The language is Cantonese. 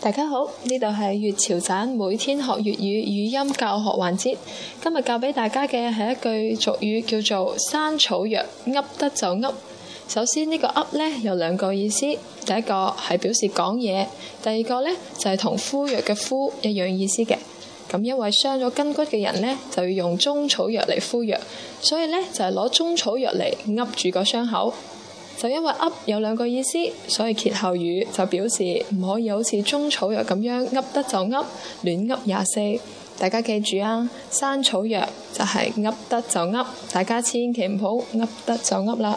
大家好，呢度係粵潮棧每天學粵語語音教學環節。今日教俾大家嘅係一句俗語，叫做山草藥，噏得就噏。首先呢個噏呢，有兩個意思，第一個係表示講嘢，第二個呢就係同敷藥嘅敷一樣意思嘅。咁因為傷咗筋骨嘅人呢，就要用中草藥嚟敷藥，所以呢，就係攞中草藥嚟噏住個傷口。就因為噏有兩個意思，所以歇後語就表示唔可以好似中草藥咁樣噏得就噏，亂噏廿四。大家記住啊，山草藥就係噏得就噏，大家千祈唔好噏得就噏啦。